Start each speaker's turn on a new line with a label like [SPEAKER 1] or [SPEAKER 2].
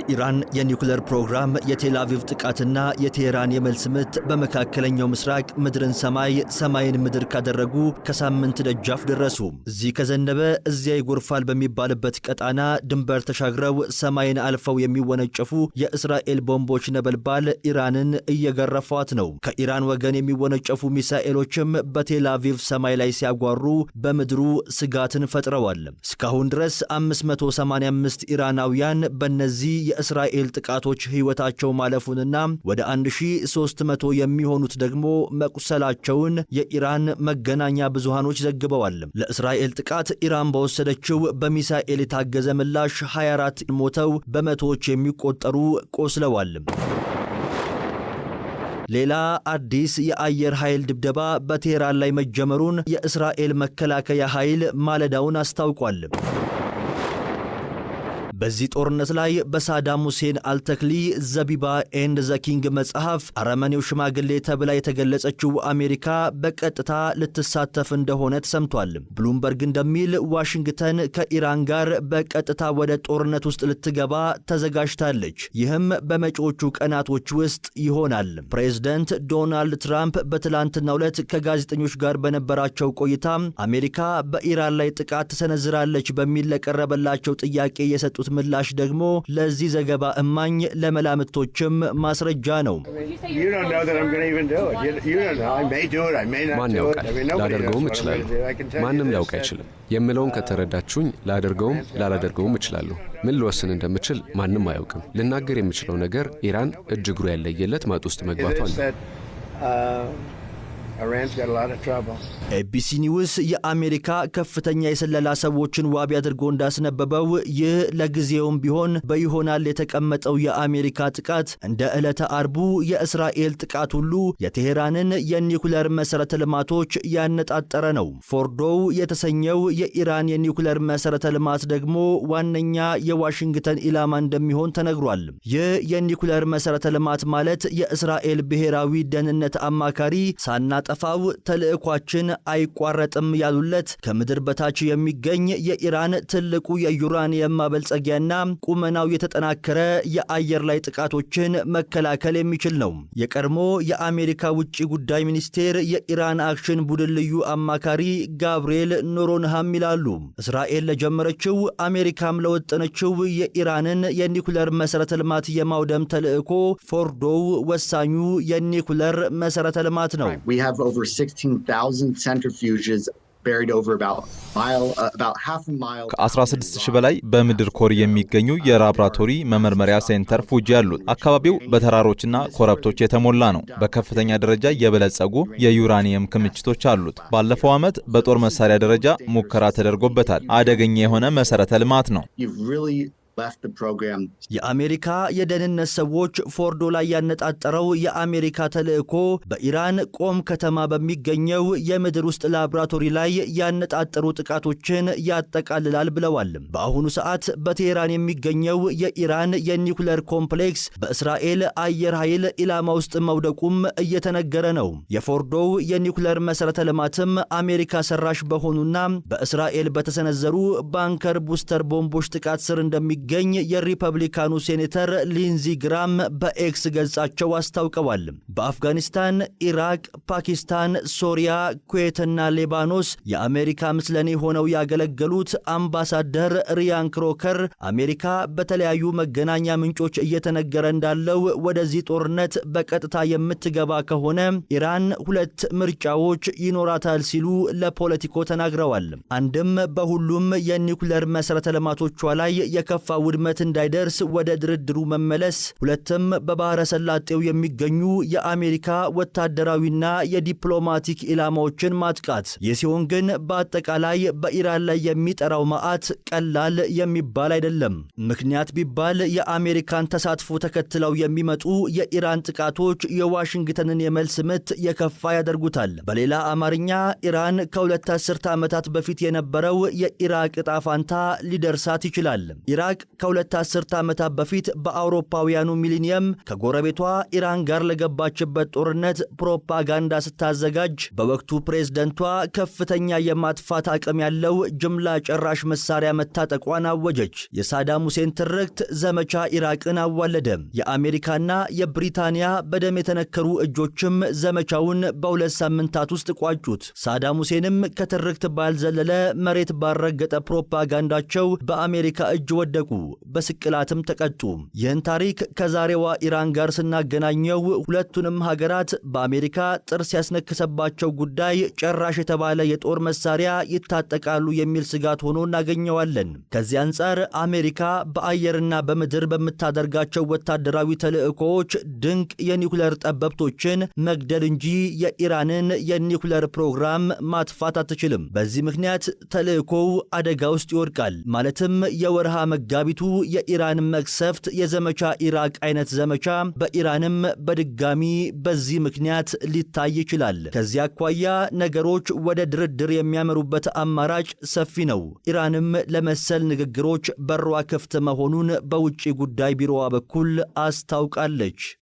[SPEAKER 1] የኢራን የኒውክለር ፕሮግራም የቴል አቪቭ ጥቃትና የቴሄራን የመልስ ምት በመካከለኛው ምስራቅ ምድርን ሰማይ ሰማይን ምድር ካደረጉ ከሳምንት ደጃፍ ደረሱ። እዚህ ከዘነበ እዚያ ይጎርፋል በሚባልበት ቀጣና ድንበር ተሻግረው ሰማይን አልፈው የሚወነጨፉ የእስራኤል ቦምቦች ነበልባል ኢራንን እየገረፏት ነው። ከኢራን ወገን የሚወነጨፉ ሚሳኤሎችም በቴል አቪቭ ሰማይ ላይ ሲያጓሩ በምድሩ ስጋትን ፈጥረዋል። እስካሁን ድረስ 585 ኢራናውያን በነዚህ የእስራኤል ጥቃቶች ሕይወታቸው ማለፉንና ወደ 1300 የሚሆኑት ደግሞ መቁሰላቸውን የኢራን መገናኛ ብዙሃኖች ዘግበዋል። ለእስራኤል ጥቃት ኢራን በወሰደችው በሚሳኤል የታገዘ ምላሽ 24 ሞተው በመቶዎች የሚቆጠሩ ቆስለዋል። ሌላ አዲስ የአየር ኃይል ድብደባ በቴህራን ላይ መጀመሩን የእስራኤል መከላከያ ኃይል ማለዳውን አስታውቋል። በዚህ ጦርነት ላይ በሳዳም ሁሴን አልተክሊ ዘቢባ ኤንድ ዘኪንግ መጽሐፍ አረመኔው ሽማግሌ ተብላ የተገለጸችው አሜሪካ በቀጥታ ልትሳተፍ እንደሆነ ተሰምቷል። ብሉምበርግ እንደሚል ዋሽንግተን ከኢራን ጋር በቀጥታ ወደ ጦርነት ውስጥ ልትገባ ተዘጋጅታለች። ይህም በመጪዎቹ ቀናቶች ውስጥ ይሆናል። ፕሬዚደንት ዶናልድ ትራምፕ በትላንትናው ዕለት ከጋዜጠኞች ጋር በነበራቸው ቆይታ አሜሪካ በኢራን ላይ ጥቃት ትሰነዝራለች በሚል ለቀረበላቸው ጥያቄ የሰጡት የሰጡት ምላሽ ደግሞ ለዚህ ዘገባ እማኝ ለመላምቶችም ማስረጃ ነው።
[SPEAKER 2] ማን ያውቃል?
[SPEAKER 3] ላደርገውም እችላለሁ። ማንም ሊያውቅ አይችልም። የምለውን ከተረዳችሁኝ ላደርገውም ላላደርገውም እችላለሁ። ምን ልወስን እንደምችል ማንም አያውቅም። ልናገር የምችለው ነገር ኢራን እጅግሩ ያለየለት ማጥ ውስጥ መግባቷ ነው።
[SPEAKER 1] ኤቢሲ ኒውስ የአሜሪካ ከፍተኛ የስለላ ሰዎችን ዋቢ አድርጎ እንዳስነበበው ይህ ለጊዜውም ቢሆን በይሆናል የተቀመጠው የአሜሪካ ጥቃት እንደ ዕለተ አርቡ የእስራኤል ጥቃት ሁሉ የቴሄራንን የኒውክለር መሠረተ ልማቶች ያነጣጠረ ነው። ፎርዶው የተሰኘው የኢራን የኒውክለር መሠረተ ልማት ደግሞ ዋነኛ የዋሽንግተን ኢላማ እንደሚሆን ተነግሯል። ይህ የኒውክለር መሠረተ ልማት ማለት የእስራኤል ብሔራዊ ደህንነት አማካሪ ሳና የምናጠፋው ተልዕኳችን አይቋረጥም ያሉለት ከምድር በታች የሚገኝ የኢራን ትልቁ የዩራኒየም ማበልጸጊያና ቁመናው የተጠናከረ የአየር ላይ ጥቃቶችን መከላከል የሚችል ነው። የቀድሞ የአሜሪካ ውጭ ጉዳይ ሚኒስቴር የኢራን አክሽን ቡድን ልዩ አማካሪ ጋብርኤል ኖሮንሃም ይላሉ። እስራኤል ለጀመረችው አሜሪካም ለወጠነችው የኢራንን የኒኩለር መሠረተ ልማት የማውደም ተልዕኮ ፎርዶው ወሳኙ የኒኩለር መሠረተ ልማት ነው።
[SPEAKER 4] have over 16,000 centrifuges uh,
[SPEAKER 3] ከ16 ሺህ በላይ በምድር ኮር የሚገኙ የላብራቶሪ መመርመሪያ ሴንተር ፉጂ ያሉት አካባቢው በተራሮችና ኮረብቶች የተሞላ ነው። በከፍተኛ ደረጃ የበለጸጉ የዩራኒየም ክምችቶች አሉት። ባለፈው ዓመት በጦር መሳሪያ ደረጃ ሙከራ ተደርጎበታል። አደገኛ የሆነ መሰረተ ልማት ነው።
[SPEAKER 1] የአሜሪካ የደህንነት ሰዎች ፎርዶ ላይ ያነጣጠረው የአሜሪካ ተልዕኮ በኢራን ቆም ከተማ በሚገኘው የምድር ውስጥ ላብራቶሪ ላይ ያነጣጠሩ ጥቃቶችን ያጠቃልላል ብለዋል። በአሁኑ ሰዓት በቴህራን የሚገኘው የኢራን የኒውክለር ኮምፕሌክስ በእስራኤል አየር ኃይል ኢላማ ውስጥ መውደቁም እየተነገረ ነው። የፎርዶው የኒውክለር መሠረተ ልማትም አሜሪካ ሰራሽ በሆኑና በእስራኤል በተሰነዘሩ ባንከር ቡስተር ቦምቦች ጥቃት ስር እንደሚገ የሚገኝ የሪፐብሊካኑ ሴኔተር ሊንዚ ግራም በኤክስ ገጻቸው አስታውቀዋል። በአፍጋኒስታን፣ ኢራቅ፣ ፓኪስታን፣ ሶሪያ፣ ኩዌትና ሌባኖስ የአሜሪካ ምስለኔ ሆነው ያገለገሉት አምባሳደር ሪያን ክሮከር አሜሪካ በተለያዩ መገናኛ ምንጮች እየተነገረ እንዳለው ወደዚህ ጦርነት በቀጥታ የምትገባ ከሆነ ኢራን ሁለት ምርጫዎች ይኖራታል ሲሉ ለፖለቲኮ ተናግረዋል። አንድም በሁሉም የኒውክለር መሠረተ ልማቶቿ ላይ የከፋ ውድመት እንዳይደርስ ወደ ድርድሩ መመለስ፣ ሁለትም በባሕረ ሰላጤው የሚገኙ የአሜሪካ ወታደራዊና የዲፕሎማቲክ ኢላማዎችን ማጥቃት። ይህ ሲሆን ግን በአጠቃላይ በኢራን ላይ የሚጠራው መዓት ቀላል የሚባል አይደለም። ምክንያት ቢባል የአሜሪካን ተሳትፎ ተከትለው የሚመጡ የኢራን ጥቃቶች የዋሽንግተንን የመልስ ምት የከፋ ያደርጉታል። በሌላ አማርኛ ኢራን ከሁለት አስርተ ዓመታት በፊት የነበረው የኢራቅ ጣፋንታ ፋንታ ሊደርሳት ይችላል። ኢራቅ ከሁለት አስርተ ዓመታት በፊት በአውሮፓውያኑ ሚሊኒየም ከጎረቤቷ ኢራን ጋር ለገባችበት ጦርነት ፕሮፓጋንዳ ስታዘጋጅ በወቅቱ ፕሬዝደንቷ ከፍተኛ የማጥፋት አቅም ያለው ጅምላ ጨራሽ መሳሪያ መታጠቋን አወጀች። የሳዳም ሁሴን ትርክት ዘመቻ ኢራቅን አዋለደ። የአሜሪካና የብሪታንያ በደም የተነከሩ እጆችም ዘመቻውን በሁለት ሳምንታት ውስጥ ቋጩት። ሳዳም ሁሴንም ከትርክት ባልዘለለ መሬት ባረገጠ ፕሮፓጋንዳቸው በአሜሪካ እጅ ወደቁ። በስቅላትም ተቀጡ። ይህን ታሪክ ከዛሬዋ ኢራን ጋር ስናገናኘው ሁለቱንም ሀገራት በአሜሪካ ጥርስ ያስነከሰባቸው ጉዳይ ጨራሽ የተባለ የጦር መሳሪያ ይታጠቃሉ የሚል ስጋት ሆኖ እናገኘዋለን። ከዚህ አንጻር አሜሪካ በአየርና በምድር በምታደርጋቸው ወታደራዊ ተልዕኮዎች ድንቅ የኒኩለር ጠበብቶችን መግደል እንጂ የኢራንን የኒኩለር ፕሮግራም ማጥፋት አትችልም። በዚህ ምክንያት ተልዕኮው አደጋ ውስጥ ይወድቃል። ማለትም የወርሃ መጋቢ የመጋቢቱ የኢራን መቅሰፍት የዘመቻ ኢራቅ አይነት ዘመቻ በኢራንም በድጋሚ በዚህ ምክንያት ሊታይ ይችላል። ከዚህ አኳያ ነገሮች ወደ ድርድር የሚያመሩበት አማራጭ ሰፊ ነው። ኢራንም ለመሰል ንግግሮች በሯ ክፍት መሆኑን በውጭ ጉዳይ ቢሮዋ በኩል አስታውቃለች።